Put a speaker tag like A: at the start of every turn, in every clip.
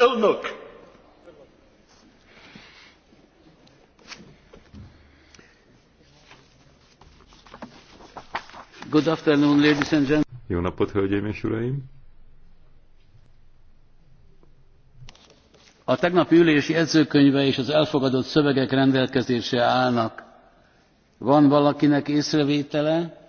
A: elnök!
B: Good afternoon, ladies and gentlemen.
C: Jó napot, hölgyeim és uraim!
B: A tegnapi ülési jegyzőkönyve és az elfogadott szövegek rendelkezésre állnak. Van valakinek észrevétele?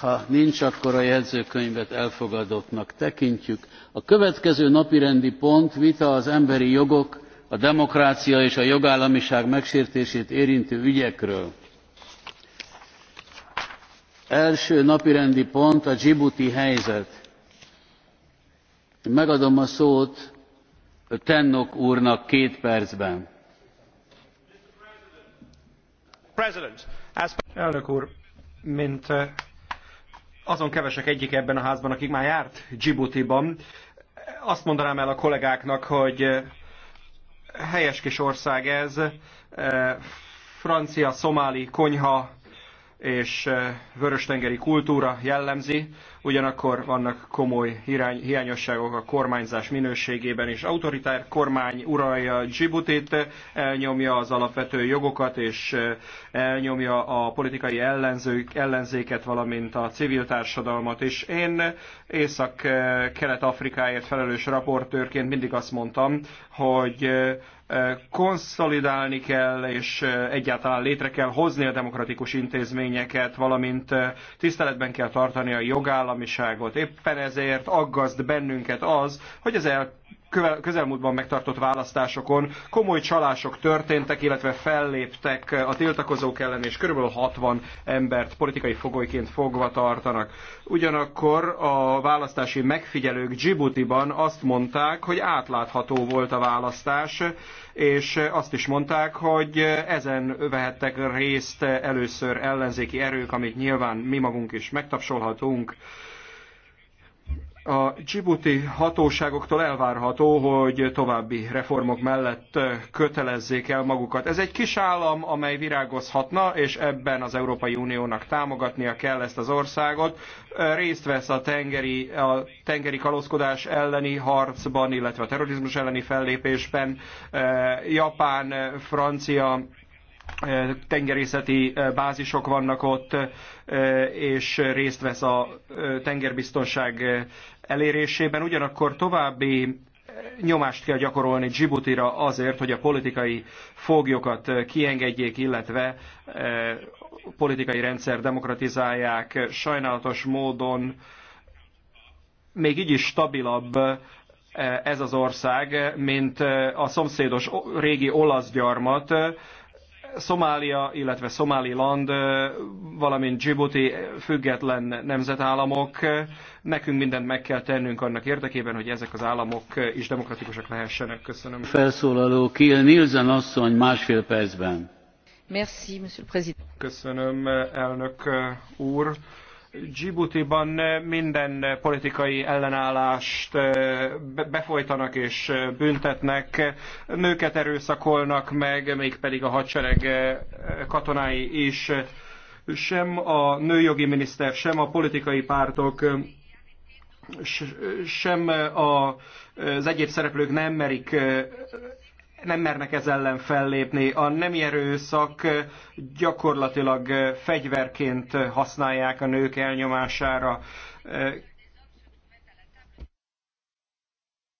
B: ha nincs akkor a jegyzőkönyvet elfogadottnak tekintjük. a következő napirendi pont vita az emberi jogok a demokrácia és a jogállamiság megsértését érintő ügyekről. első napirendi pont a dzsibuti helyzet. megadom a szót tannock úrnak két percben.
A: elnök úr mint eh, azon kevesek egyik ebben a házban, akik már járt Djibouti-ban. Azt mondanám el a kollégáknak, hogy eh, helyes kis ország ez, eh, francia, szomáli konyha és eh, vöröstengeri kultúra jellemzi ugyanakkor vannak komoly hiány, hiányosságok a kormányzás minőségében is. Autoritár kormány uralja Djibutit, elnyomja az alapvető jogokat, és elnyomja a politikai ellenzők, ellenzéket, valamint a civil társadalmat. És én Észak-Kelet-Afrikáért felelős raportőrként mindig azt mondtam, hogy konszolidálni kell, és egyáltalán létre kell hozni a demokratikus intézményeket, valamint tiszteletben kell tartani a jogállam, jogállamiságot. Éppen ezért aggaszt bennünket az, hogy az el közelmúltban megtartott választásokon komoly csalások történtek, illetve felléptek a tiltakozók ellen, és kb. 60 embert politikai fogolyként fogva tartanak. Ugyanakkor a választási megfigyelők Djibouti-ban azt mondták, hogy átlátható volt a választás, és azt is mondták, hogy ezen vehettek részt először ellenzéki erők, amit nyilván mi magunk is megtapsolhatunk. A Djibouti hatóságoktól elvárható, hogy további reformok mellett kötelezzék el magukat. Ez egy kis állam, amely virágozhatna, és ebben az Európai Uniónak támogatnia kell ezt az országot. Részt vesz a tengeri, a tengeri kalózkodás elleni harcban, illetve a terrorizmus elleni fellépésben. Japán, Francia, tengerészeti bázisok vannak ott, és részt vesz a tengerbiztonság elérésében. Ugyanakkor további nyomást kell gyakorolni Djiboutira azért, hogy a politikai foglyokat kiengedjék, illetve politikai rendszer demokratizálják. Sajnálatos módon még így is stabilabb ez az ország, mint a szomszédos régi olasz gyarmat, Szomália, illetve Szomáliland, valamint Djibouti független nemzetállamok. Nekünk mindent meg kell tennünk annak érdekében, hogy ezek az államok is demokratikusak lehessenek. Köszönöm.
B: Felszólaló Kiel Nielsen asszony másfél percben.
D: Merci,
A: Köszönöm, elnök úr Djibouti-ban minden politikai ellenállást eh, befolytanak és eh, büntetnek, nőket erőszakolnak meg, mégpedig a hadsereg eh, katonái is. Sem a nőjogi miniszter, sem a politikai pártok sem az egyéb szereplők nem merik nem mernek ez ellen fellépni. A nemi erőszak gyakorlatilag fegyverként használják a nők elnyomására.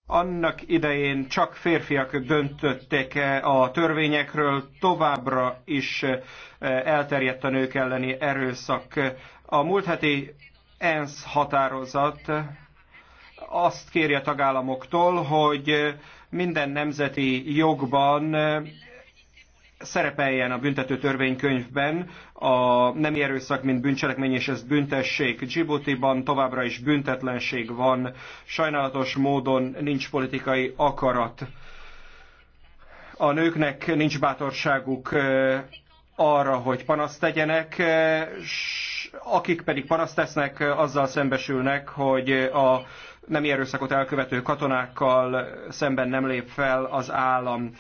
A: Annak idején csak férfiak döntöttek a törvényekről, továbbra is elterjedt a nők elleni erőszak. A múlt heti ENSZ határozat azt kéri a tagállamoktól, hogy minden nemzeti jogban szerepeljen a büntető törvénykönyvben a nemi erőszak, mint bűncselekmény, és ezt büntessék. Djibouti-ban továbbra is büntetlenség van, sajnálatos módon nincs politikai akarat. A nőknek nincs bátorságuk arra, hogy panaszt tegyenek, akik pedig panaszt tesznek, azzal szembesülnek, hogy a nemi erőszakot elkövető katonákkal szemben nem lép fel az állam.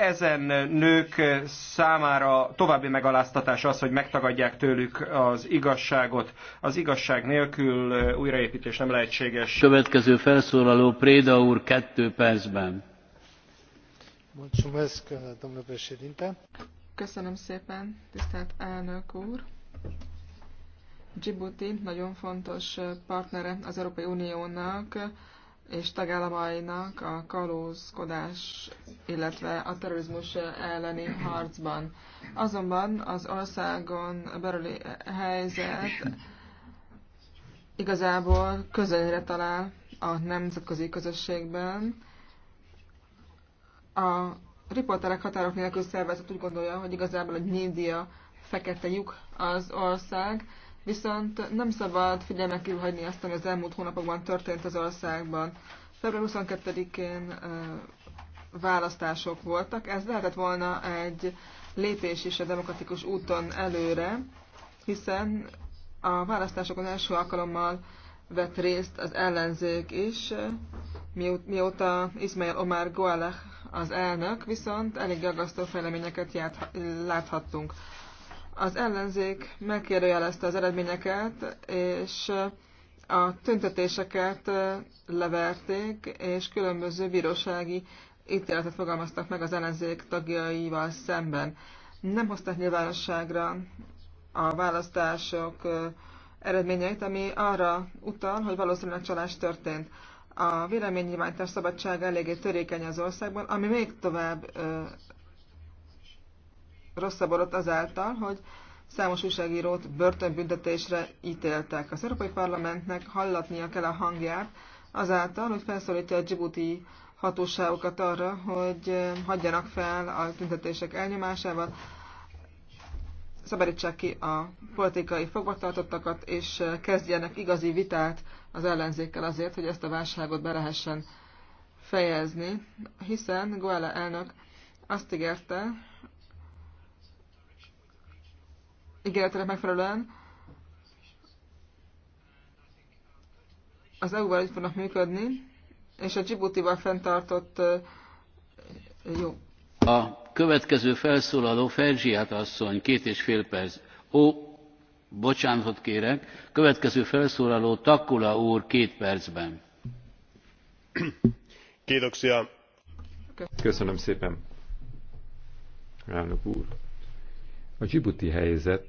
A: Ezen nők számára további megaláztatás az, hogy megtagadják tőlük az igazságot. Az igazság nélkül újraépítés nem lehetséges.
B: Következő felszólaló Préda úr kettő percben.
D: Köszönöm szépen, tisztelt elnök úr. Djibouti nagyon fontos partnere az Európai Uniónak és tagállamainak a kalózkodás, illetve a terrorizmus elleni harcban. Azonban az országon belüli helyzet igazából közelre talál a nemzetközi közösségben. A riporterek határok nélkül szervezet úgy gondolja, hogy igazából egy média fekete lyuk az ország, viszont nem szabad figyelmen kívül hagyni azt, ami az elmúlt hónapokban történt az országban. Február 22-én választások voltak, ez lehetett volna egy lépés is a demokratikus úton előre, hiszen a választásokon első alkalommal vett részt az ellenzék is, mióta Ismail Omar Goalech az elnök, viszont elég aggasztó fejleményeket láthattunk. Az ellenzék megkérdőjelezte az eredményeket, és a tüntetéseket leverték, és különböző bírósági ítéletet fogalmaztak meg az ellenzék tagjaival szemben. Nem hozták nyilvánosságra a választások eredményeit, ami arra utal, hogy valószínűleg csalás történt. A véleménynyilvánítás szabadsága eléggé törékeny az országban, ami még tovább rosszabbodott azáltal, hogy számos újságírót börtönbüntetésre ítéltek. Az Európai Parlamentnek hallatnia kell a hangját azáltal, hogy felszólítja a Djibouti hatóságokat arra, hogy hagyjanak fel a tüntetések elnyomásával, szabadítsák ki a politikai fogvatartottakat, és kezdjenek igazi vitát az ellenzékkel azért, hogy ezt a válságot be lehessen fejezni, hiszen Goala elnök azt ígérte, ígéretének megfelelően az EU-val így fognak működni, és a Djibouti-val fenntartott jó.
B: A következő felszólaló Ferzsiát asszony, két és fél perc. Ó, bocsánatot kérek, következő felszólaló Takula úr két percben.
A: Kédoksia.
C: Köszönöm szépen, elnök úr. A Djibouti helyzet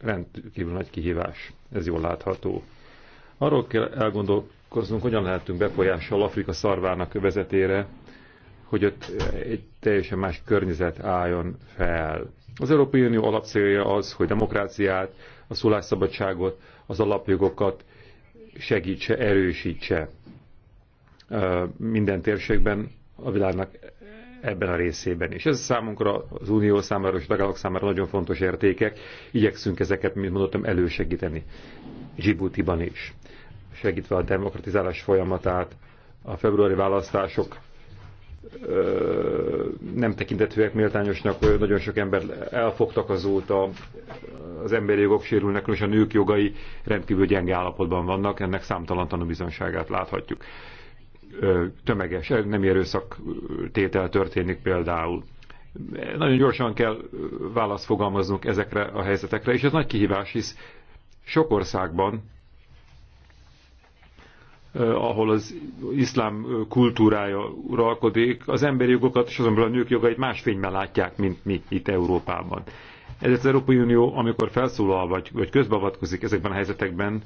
C: rendkívül nagy kihívás, ez jól látható. Arról kell elgondolkoznunk, hogyan lehetünk befolyással Afrika szarvának vezetére, hogy ott egy teljesen más környezet álljon fel. Az Európai Unió alapcélja az, hogy demokráciát, a szólásszabadságot, az alapjogokat segítse, erősítse minden térségben a világnak ebben a részében is. Ez számunkra, az Unió számára és tagállamok számára nagyon fontos értékek. Igyekszünk ezeket, mint mondottam, elősegíteni. Zsibutiban is. Segítve a demokratizálás folyamatát, a februári választások nem tekintetőek méltányosnak, nagyon sok ember elfogtak azóta, az emberi jogok sérülnek, és a nők jogai rendkívül gyenge állapotban vannak, ennek számtalan tanúbizonságát láthatjuk tömeges, nem erőszak tétel történik például. Nagyon gyorsan kell választ fogalmaznunk ezekre a helyzetekre, és ez nagy kihívás, hisz sok országban, ahol az iszlám kultúrája uralkodik, az emberi jogokat és azonban a nők jogait más fényben látják, mint mi itt Európában. Ezért az Európai Unió, amikor felszólal vagy, vagy közbeavatkozik ezekben a helyzetekben,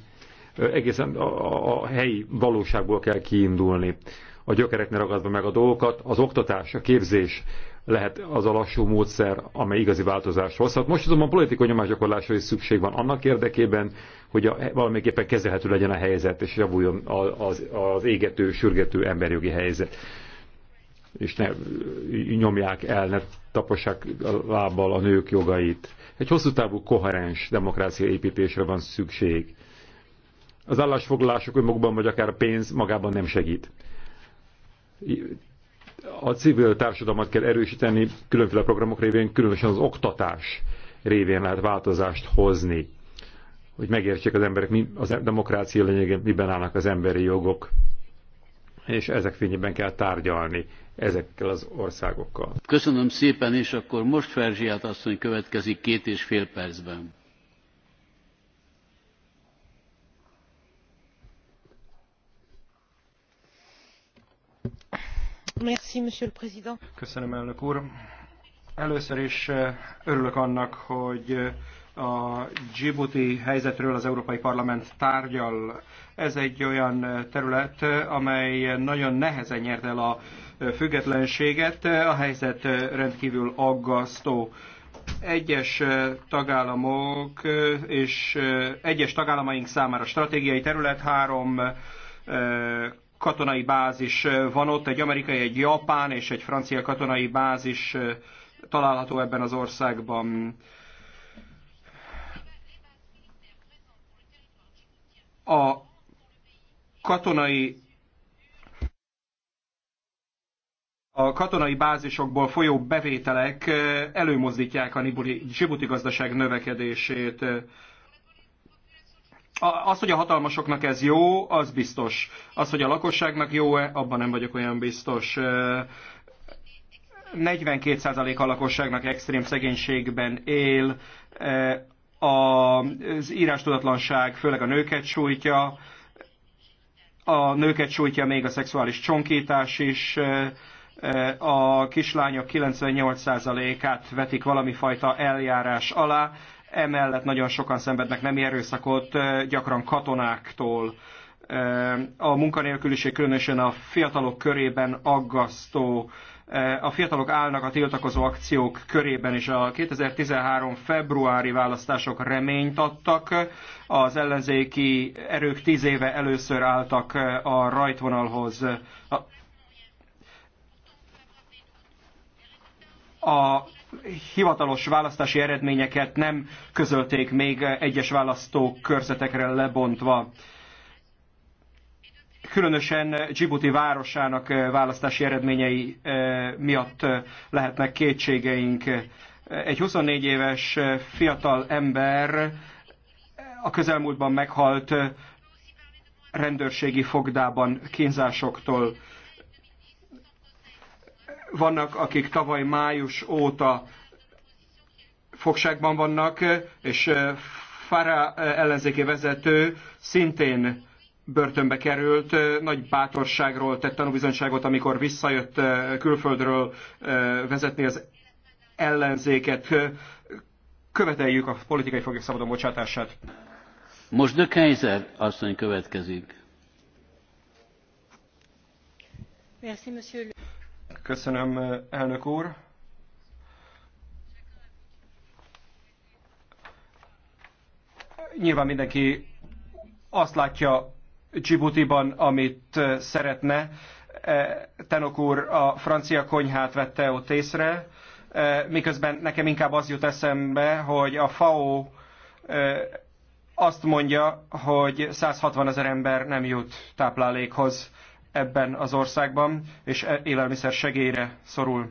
C: egészen a, a, a helyi valóságból kell kiindulni. A gyökerekne ragadva meg a dolgokat, az oktatás, a képzés lehet az a lassú módszer, amely igazi változást hozhat. Most azonban politikai nyomásgyakorlásra is szükség van annak érdekében, hogy a, valamiképpen kezelhető legyen a helyzet, és javuljon az, az égető, sürgető emberjogi helyzet és ne nyomják el, ne tapossák lábbal a nők jogait. Egy hosszú távú koherens demokrácia építésre van szükség az állásfoglalások önmagukban, vagy akár a pénz magában nem segít. A civil társadalmat kell erősíteni, különféle programok révén, különösen az oktatás révén lehet változást hozni, hogy megértsék az emberek, mi az demokrácia lényege, miben állnak az emberi jogok, és ezek fényében kell tárgyalni ezekkel az országokkal.
B: Köszönöm szépen, és akkor most Ferzsiát asszony következik két és fél percben.
A: Köszönöm, elnök úr. Először is eh, örülök annak, hogy eh, a Djibouti helyzetről az Európai Parlament tárgyal. Ez egy olyan eh, terület, amely nagyon nehezen nyert el a függetlenséget. A helyzet rendkívül aggasztó. Egyes tagállamok és egyes tagállamaink számára stratégiai terület három katonai bázis van ott, egy amerikai, egy japán és egy francia katonai bázis található ebben az országban. A katonai a katonai bázisokból folyó bevételek előmozdítják a Djibouti gazdaság növekedését az, hogy a hatalmasoknak ez jó, az biztos. Az, hogy a lakosságnak jó-e, abban nem vagyok olyan biztos. 42% a lakosságnak extrém szegénységben él, az írástudatlanság főleg a nőket sújtja, a nőket sújtja még a szexuális csonkítás is, a kislányok 98%-át vetik valami fajta eljárás alá, Emellett nagyon sokan szenvednek nemi erőszakot, gyakran katonáktól. A munkanélküliség különösen a fiatalok körében aggasztó a fiatalok állnak a tiltakozó akciók körében, és a 2013 februári választások reményt adtak. Az ellenzéki erők tíz éve először álltak a rajtvonalhoz. A hivatalos választási eredményeket nem közölték még egyes választókörzetekre lebontva. Különösen Djibouti városának választási eredményei eh, miatt lehetnek kétségeink. Egy 24 éves fiatal ember a közelmúltban meghalt rendőrségi fogdában kínzásoktól. Vannak, akik tavaly május óta fogságban vannak, és eh, Fara eh, ellenzéki vezető szintén börtönbe került, eh, nagy bátorságról tett tanúbizonyságot, amikor visszajött külföldről vezetni az ellenzéket. Követeljük a politikai foglyok
B: szabadon bocsátását. Most de Kaiser asszony következik.
A: Merci, monsieur.
B: Köszönöm,
A: elnök úr. Nyilván mindenki azt látja Djibouti-ban, amit eh, szeretne. Eh, Tenok úr a francia konyhát vette ott észre, eh, miközben nekem inkább az jut eszembe, hogy a FAO azt mondja, hogy 160 ezer ember nem jut táplálékhoz ebben az országban, és e- élelmiszer segélyre szorul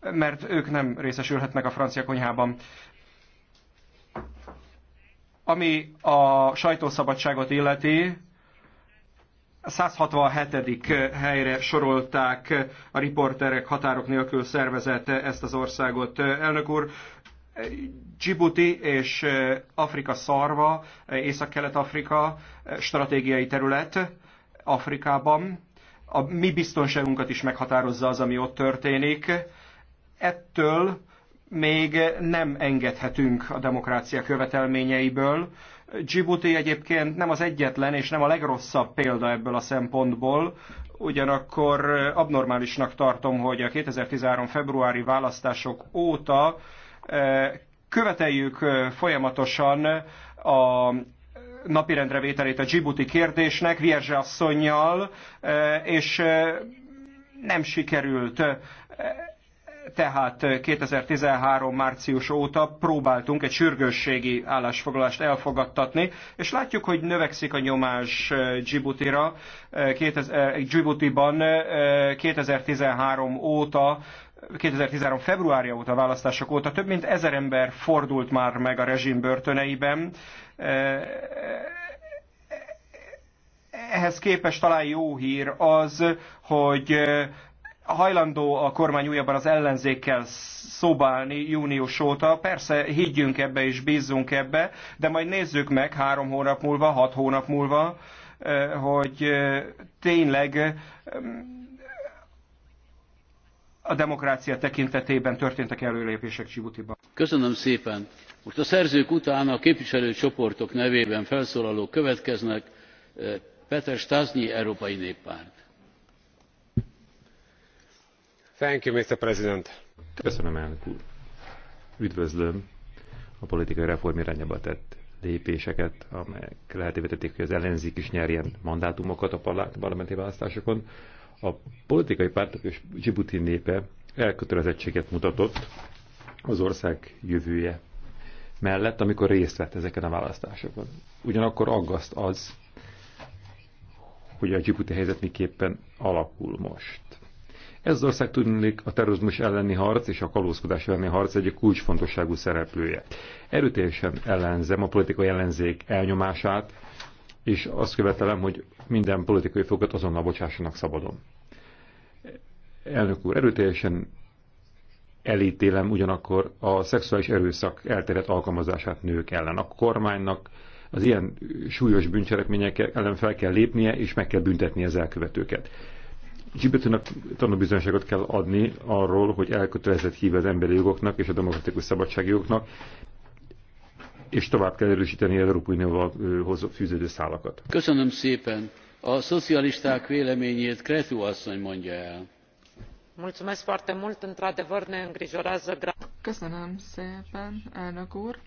A: mert ők nem részesülhetnek a francia konyhában. Ami a sajtószabadságot illeti, 167. helyre sorolták a riporterek határok nélkül szervezete ezt az országot. Elnök úr, Djibouti és eh, Afrika szarva, eh, Észak-Kelet-Afrika eh, stratégiai terület Afrikában. A mi biztonságunkat is meghatározza az, ami ott történik. Ettől még nem engedhetünk a demokrácia követelményeiből. Djibouti egyébként nem az egyetlen és nem a legrosszabb példa ebből a szempontból, ugyanakkor abnormálisnak tartom, hogy a 2013. februári választások óta Követeljük folyamatosan a napirendre vételét a Djibouti kérdésnek, Vierzse asszonynal, és nem sikerült tehát 2013 március óta próbáltunk egy sürgősségi állásfoglalást elfogadtatni, és látjuk, hogy növekszik a nyomás Djibouti-ra. Djibouti-ban 2013 óta 2013. februárja óta, választások óta több mint ezer ember fordult már meg a rezsim börtöneiben. Ehhez képest talán jó hír az, hogy hajlandó a kormány újabban az ellenzékkel szobálni június óta. Persze higgyünk ebbe és bízzunk ebbe, de majd nézzük meg három hónap múlva, hat hónap múlva, hogy tényleg a demokrácia tekintetében történtek előrelépések Csibutiban.
B: Köszönöm szépen. Most a szerzők után a képviselőcsoportok nevében felszólalók következnek. Eh, Peter Stasnyi, Európai Néppárt.
C: Thank you, Mr. President. Köszönöm, elnök úr. Üdvözlöm a politikai reform irányába tett lépéseket, amelyek lehetővé tették, hogy az ellenzék is nyerjen mandátumokat a parlamenti választásokon a politikai pártok és Djibouti népe elkötelezettséget mutatott az ország jövője mellett, amikor részt vett ezeken a választásokon. Ugyanakkor aggaszt az, hogy a Djibouti helyzet miképpen alakul most. Ez az ország tudnék a terrorizmus elleni harc és a kalózkodás elleni harc egyik kulcsfontosságú szereplője. Erőteljesen ellenzem a politikai ellenzék elnyomását, és azt követelem, hogy minden politikai fogat azonnal bocsássanak szabadon. Elnök úr, erőteljesen elítélem ugyanakkor a szexuális erőszak elterjedt alkalmazását nők ellen. A kormánynak az ilyen súlyos bűncselekmények ellen fel kell lépnie, és meg kell büntetni az elkövetőket. Zsibetőnek tanúbizonyságot kell adni arról, hogy elkötelezett hív az emberi jogoknak és a demokratikus szabadságjogoknak, és tovább kell erősíteni az Európai Unióval fűződő szálakat.
B: Köszönöm szépen. A szocialisták véleményét Kretu asszony mondja el.
D: Köszönöm szépen, elnök úr.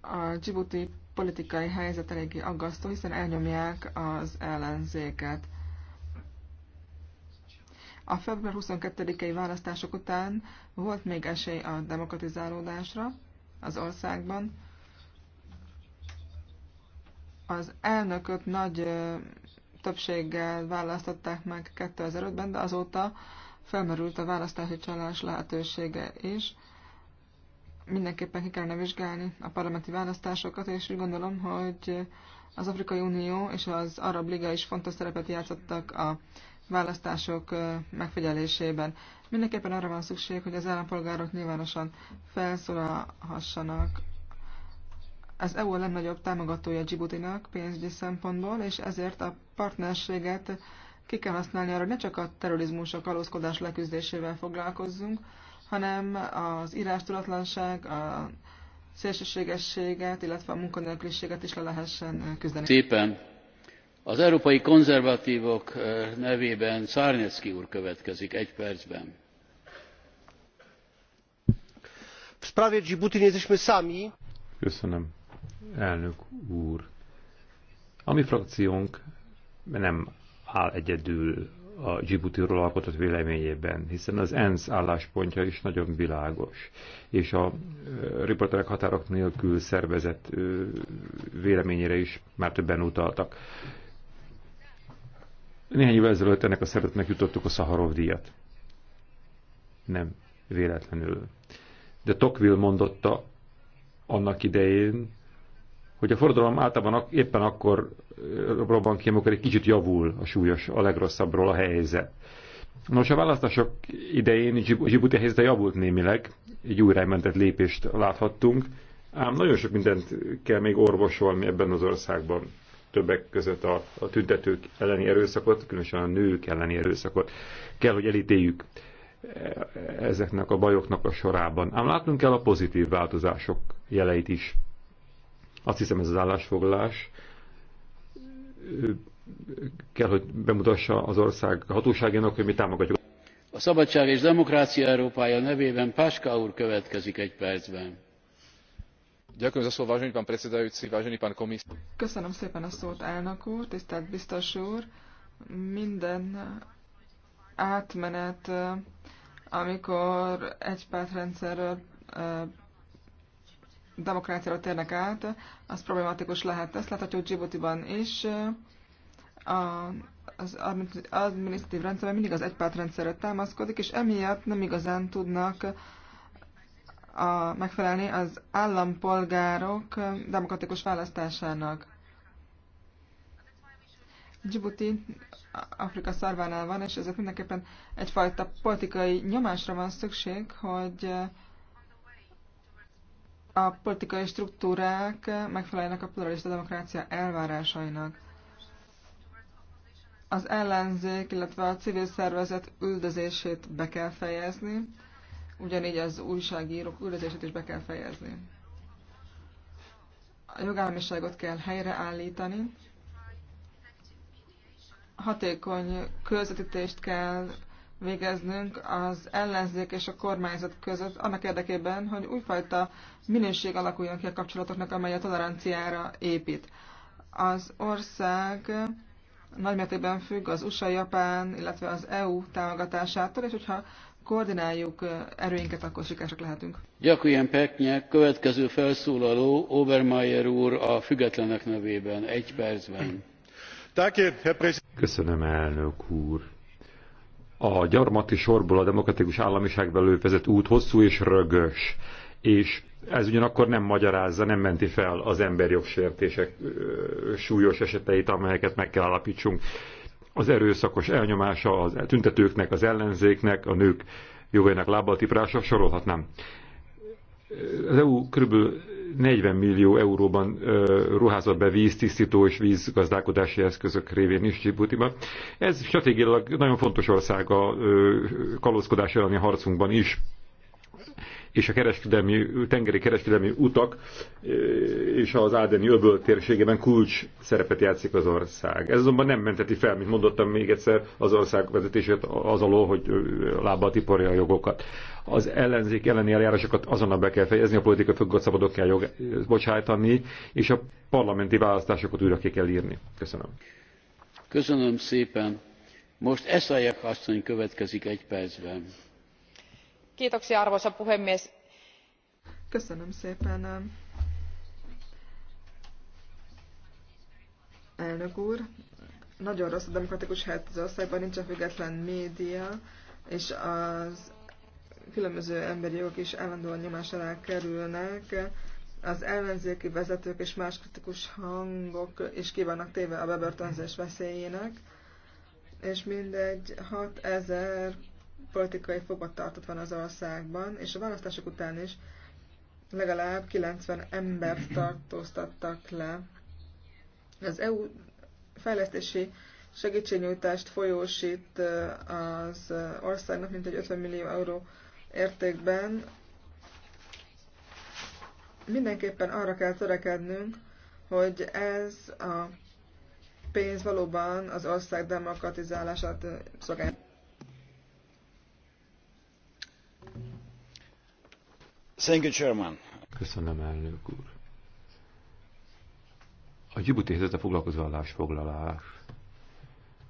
D: A Djibouti politikai helyzet eléggé aggasztó, hiszen elnyomják az ellenzéket. A február 22-i választások után volt még esély a demokratizálódásra, az országban. Az elnököt nagy többséggel választották meg 2005-ben, de azóta felmerült a választási csalás lehetősége is. Mindenképpen ki kellene vizsgálni a parlamenti választásokat, és úgy gondolom, hogy az Afrikai Unió és az Arab Liga is fontos szerepet játszottak a választások megfigyelésében. Mindenképpen arra van szükség, hogy az állampolgárok nyilvánosan felszólalhassanak. Az EU a legnagyobb támogatója Djiboutinak pénzügyi szempontból, és ezért a partnerséget ki kell használni arra, hogy ne csak a terrorizmus, a kalózkodás leküzdésével foglalkozzunk, hanem az írástudatlanság, a szélsőségességet, illetve a munkanélküliséget is le lehessen küzdeni.
B: Szépen az európai konzervatvok nevében czarnecki úr következik egy percben. w sprawie
A: dżibuti nie jesteśmy sami.
C: Köszönöm, elnök úr. A mi frakciónk nem áll egyedül a Djiboutiról alkotott véleményében, hiszen az ENSZ álláspontja is nagyon világos, és a riporterek határok nélkül szervezett véleményére is már többen utaltak néhány évvel ezelőtt ennek a szeretetnek jutottuk a Szaharov díjat. Nem véletlenül. De Tocqueville mondotta annak idején, hogy a forradalom általában éppen akkor robban ki, amikor egy kicsit javul a súlyos, a legrosszabbról a helyzet. Nos, a választások idején Djibouti helyzete javult némileg, egy újrámentett lépést láthattunk, ám nagyon sok mindent kell még orvosolni ebben az országban többek között a, a tüntetők elleni erőszakot, különösen a nők elleni erőszakot kell, hogy elítéljük ezeknek a bajoknak a sorában. Ám látnunk kell a pozitív változások jeleit is. Azt hiszem ez az állásfoglalás kell, hogy bemutassa az ország hatóságának, hogy mi támogatjuk.
B: A Szabadság és Demokrácia Európája nevében Páska úr következik egy percben
D: Köszönöm szépen a szót, elnök úr, tisztelt biztos úr. Minden átmenet, amikor egy pártrendszerről demokráciára térnek át, az problematikus lehet. Ezt láthatjuk Djibouti-ban is. A, az administratív rendszerben mindig az egypártrendszerre támaszkodik, és emiatt nem igazán tudnak a, megfelelni az állampolgárok demokratikus választásának. Djibouti Afrika szarvánál van, és ezért mindenképpen egyfajta politikai nyomásra van szükség, hogy a politikai struktúrák megfeleljenek a pluralista demokrácia elvárásainak. Az ellenzék, illetve a civil szervezet üldözését be kell fejezni, ugyanígy az újságírók üldözését is be kell fejezni. A jogállamiságot kell helyreállítani, hatékony közvetítést kell végeznünk az ellenzék és a kormányzat között, annak érdekében, hogy újfajta minőség alakuljon ki a kapcsolatoknak, amely a toleranciára épít. Az ország nagymértékben függ az USA, Japán, illetve az EU támogatásától, és hogyha koordináljuk erőinket, akkor sikeresek lehetünk.
B: Peknyek, következő felszólaló Obermeier úr a függetlenek nevében, egy percben.
C: Köszönöm, elnök úr. A gyarmati sorból a demokratikus államiságba vezet út hosszú és rögös, és ez ugyanakkor nem magyarázza, nem menti fel az emberjogsértések súlyos eseteit, amelyeket meg kell alapítsunk az erőszakos elnyomása az tüntetőknek, az ellenzéknek, a nők jogainak tiprása, sorolhatnám. Az EU kb. 40 millió euróban ruházott be víztisztító és vízgazdálkodási eszközök révén is Djiboutiban. Ez stratégiailag nagyon fontos ország a kalózkodás elleni harcunkban is és a kereskedelmi, tengeri kereskedelmi utak és az Ádeni öböl térségében kulcs szerepet játszik az ország. Ez azonban nem menteti fel, mint mondottam még egyszer, az ország vezetését az alól, hogy lábba tiporja a jogokat. Az ellenzék elleni eljárásokat azonnal be kell fejezni, a politika függött szabadok kell jog, bocsájtani, és a parlamenti választásokat újra ki kell írni. Köszönöm.
B: Köszönöm szépen. Most Eszajek asszony következik egy percben
D: arvoisa puhemies köszönöm szépen elnök úr nagyon rossz a demokratikus helyzet az országban nincsen független média és az különböző emberi jogok is állandóan nyomás alá kerülnek az ellenzéki vezetők és más kritikus hangok is ki vannak téve a bebörtönzés veszélyének és mindegy 6000 politikai fogvatartott van az országban, és a választások után is legalább 90 embert tartóztattak le. Az EU fejlesztési segítségnyújtást folyósít az országnak mintegy 50 millió euró értékben. Mindenképpen arra kell törekednünk, hogy ez a pénz valóban az ország demokratizálását szolgálja.
C: Thank you, Chairman. Köszönöm, elnök úr. A Djibouti a foglalkozó állásfoglalás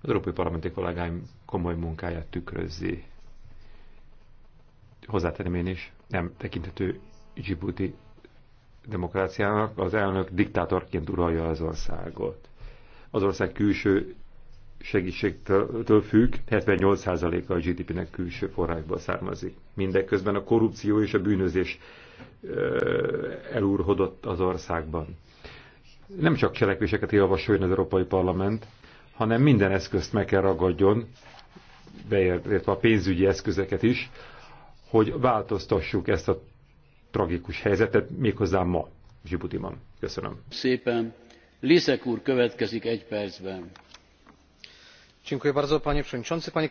C: az európai parlamenti kollégáim komoly munkáját tükrözi. Hozzátenem én is, nem tekinthető Djibouti demokráciának, az elnök diktátorként uralja az országot. Az ország külső segítségtől függ, 78%-a a, a GDP-nek külső forrásból származik. Mindeközben a korrupció és a bűnözés elúrhodott az országban. Nem csak cselekvéseket javasoljon az Európai Parlament, hanem minden eszközt meg kell ragadjon, beértve a pénzügyi eszközeket is, hogy változtassuk ezt a tragikus helyzetet, méghozzá ma, Zsibutiban. Köszönöm.
B: Szépen. Liszek úr következik egy percben.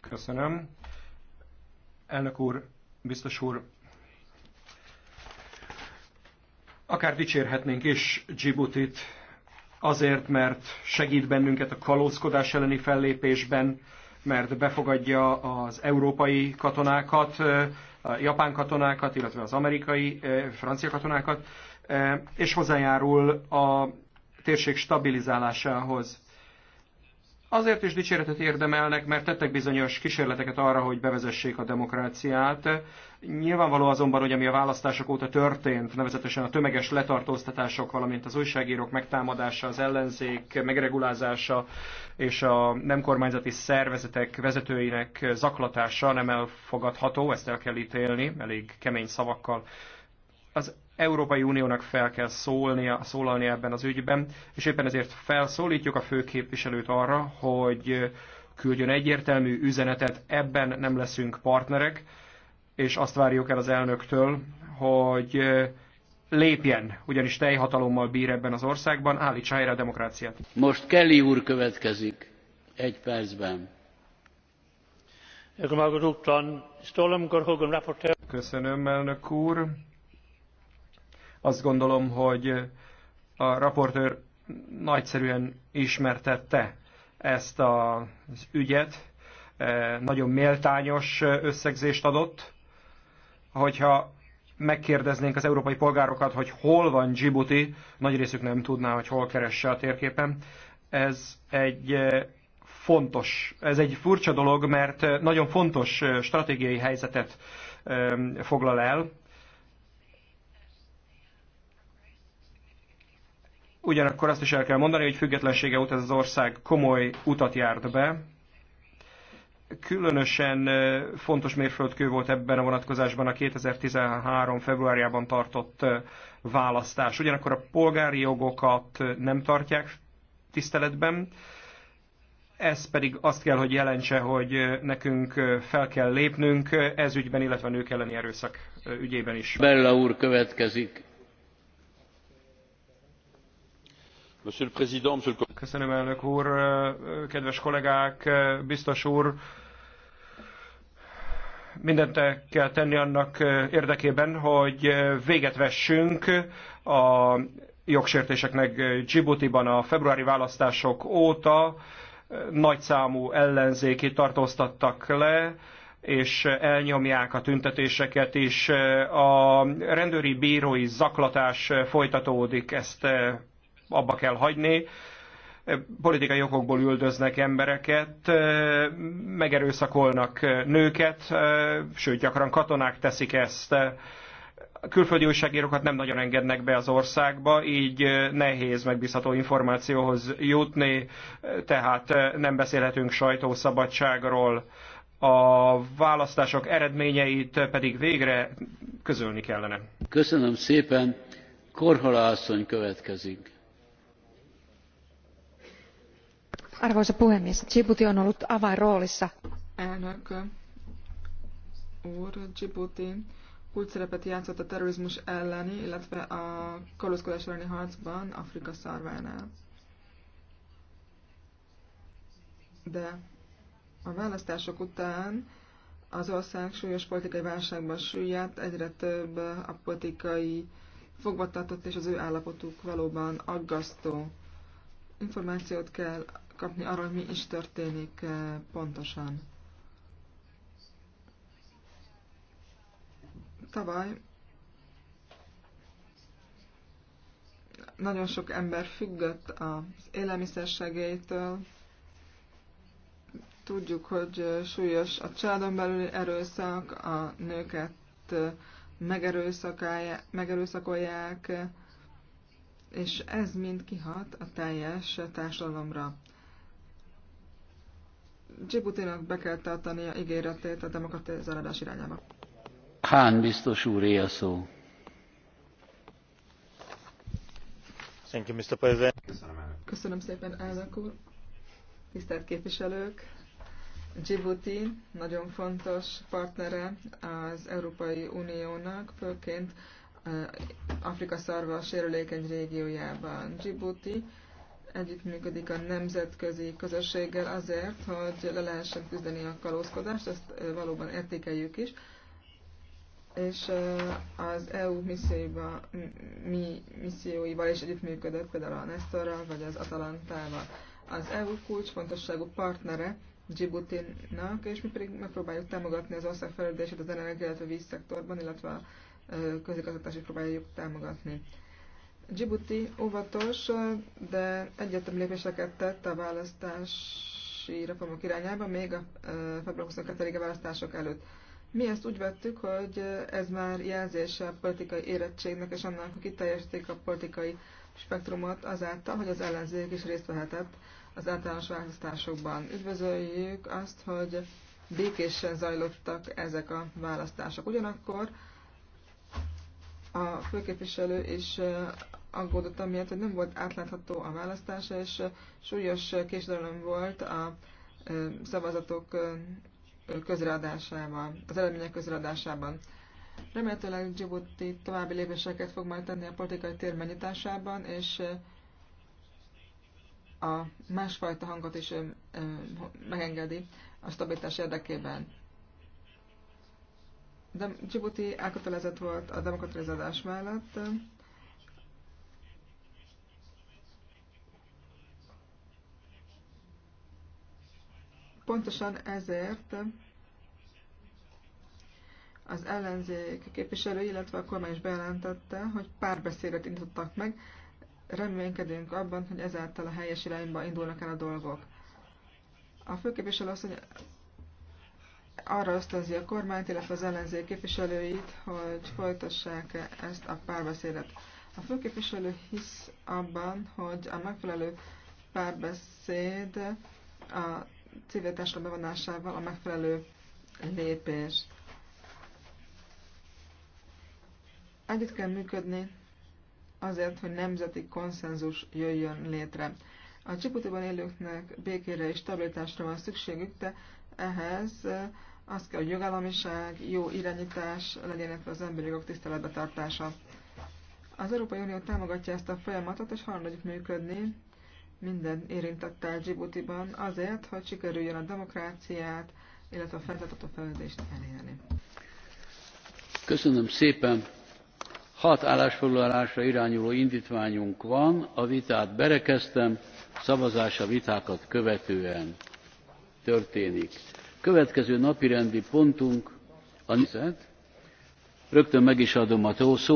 A: Köszönöm. Elnök úr, biztos úr, akár dicsérhetnénk is Djibutit azért, mert segít bennünket a kalózkodás elleni fellépésben, mert befogadja az európai katonákat, a japán katonákat, illetve az amerikai, francia katonákat, és hozzájárul a térség stabilizálásához. Azért is dicséretet érdemelnek, mert tettek bizonyos kísérleteket arra, hogy bevezessék a demokráciát. Nyilvánvaló azonban, hogy ami a választások óta történt, nevezetesen a tömeges letartóztatások, valamint az újságírók megtámadása, az ellenzék megregulázása és a nem kormányzati szervezetek vezetőinek zaklatása nem elfogadható, ezt el kell ítélni, elég kemény szavakkal. Az Európai Uniónak fel kell szólnia, szólalnia ebben az ügyben, és éppen ezért felszólítjuk a főképviselőt arra, hogy küldjön egyértelmű üzenetet, ebben nem leszünk partnerek, és azt várjuk el az elnöktől, hogy lépjen, ugyanis teljhatalommal bír ebben az országban, állítsa helyre a demokráciát.
B: Most Kelly úr következik egy percben.
A: Köszönöm, elnök úr azt gondolom, hogy a raportőr nagyszerűen ismertette ezt az ügyet, e, nagyon méltányos összegzést adott. Hogyha megkérdeznénk az európai polgárokat, hogy hol van Djibouti, nagy részük nem tudná, hogy hol keresse a térképen. Ez egy e, fontos, ez egy furcsa dolog, mert e, nagyon fontos stratégiai helyzetet foglal el, Ugyanakkor azt is el kell mondani, hogy függetlensége után az ország komoly utat járt be. Különösen fontos mérföldkő volt ebben a vonatkozásban a 2013. februárjában tartott választás. Ugyanakkor a polgári jogokat nem tartják tiszteletben, ez pedig azt kell, hogy jelentse, hogy nekünk fel kell lépnünk ez ügyben, illetve a nők elleni erőszak ügyében is.
B: Bella úr következik. Köszönöm,
A: elnök úr, kedves kollégák, biztos úr, mindent kell tenni annak érdekében, hogy véget vessünk a jogsértéseknek djibouti a februári választások óta nagyszámú ellenzéki tartóztattak le, és elnyomják a tüntetéseket is. A rendőri bírói zaklatás folytatódik, ezt abba kell hagyni, politikai okokból üldöznek embereket, megerőszakolnak nőket, sőt gyakran katonák teszik ezt. Külföldi újságírókat nem nagyon engednek be az országba, így nehéz megbízható információhoz jutni, tehát nem beszélhetünk sajtószabadságról. A választások eredményeit pedig végre közölni kellene.
B: Köszönöm szépen. Korhala asszony következik
D: arvoisa puhemies djibouti on ollut avainroolissa a illetve a de a választások után az ország súlyos politikai válságban süllyedt, egyre több a politikai fogvatartott, és az ő állapotuk valóban aggasztó. Információt kell kapni arra, hogy mi is történik eh, pontosan. Tavaly nagyon sok ember függött az élelmiszersegélytől. Tudjuk, hogy eh, súlyos a családon belüli erőszak, a nőket eh, megerőszakolják, és ez mind kihat a teljes társadalomra. Djiboutinak be kell tartania ígéretét a demokratizálás irányába.
B: Hán biztos úr a szó.
C: Thank you, Mr. President. Köszönöm,
D: Köszönöm szépen, elnök úr. Tisztelt képviselők, Djibouti nagyon fontos partnere az Európai Uniónak, főként eh, Afrika szarva a sérülékeny régiójában. Djibouti együttműködik a nemzetközi közösséggel azért, hogy le lehessen küzdeni a kalózkodást, ezt valóban értékeljük is. És az EU misszióiba, mi misszióival is együttműködött, például a Nestorral vagy az Atalantával. Az EU kulcsfontosságú partnere Djibouti-nak, és mi pedig megpróbáljuk támogatni az ország fejlődését az energia, illetve vízszektorban, illetve a közigazgatást próbáljuk támogatni. Djibouti óvatos, de egyetem lépéseket tett a választási reformok irányába, még a február 22-e választások előtt. Mi ezt úgy vettük, hogy ez már jelzése a politikai érettségnek, és annak, hogy kiteljesítik a politikai spektrumot azáltal, hogy az ellenzék is részt vehetett az általános választásokban. Üdvözöljük azt, hogy békésen zajlottak ezek a választások. Ugyanakkor a főképviselő is aggódott amiatt, hogy nem volt átlátható a választás, és súlyos késedelem volt a szavazatok közreadásában, az eredmények közreadásában. Remélhetőleg Djibouti további lépéseket fog majd tenni a politikai tér megnyitásában, és a másfajta hangot is megengedi a stabilitás érdekében. De Djibouti elkötelezett volt a demokratizálás mellett, Pontosan ezért az ellenzék képviselő, illetve a kormány is bejelentette, hogy párbeszédet indítottak meg. Reménykedünk abban, hogy ezáltal a helyes irányba indulnak el a dolgok. A főképviselő azt mondja, arra ösztönzi a kormányt, illetve az ellenzék képviselőit, hogy folytassák ezt a párbeszédet. A főképviselő hisz abban, hogy a megfelelő párbeszéd a civil társadalom bevonásával a megfelelő lépés. Együtt kell működni azért, hogy nemzeti konszenzus jöjjön létre. A Csiputiban élőknek békére és stabilitásra van szükségük, de ehhez eh, az kell, hogy jogállamiság, jó irányítás legyen, illetve az emberi jogok tiszteletbe tartása. Az Európai Unió támogatja ezt a folyamatot, és hajlandó működni minden érintette el Djiboutiban azért, hogy sikerüljön a demokráciát, illetve a a fejlődést elérni.
B: Köszönöm szépen! Hat állásfoglalásra irányuló indítványunk van, a vitát berekeztem, szavazás a vitákat követően történik. Következő napirendi pontunk a nézet. Rögtön meg is adom a szót.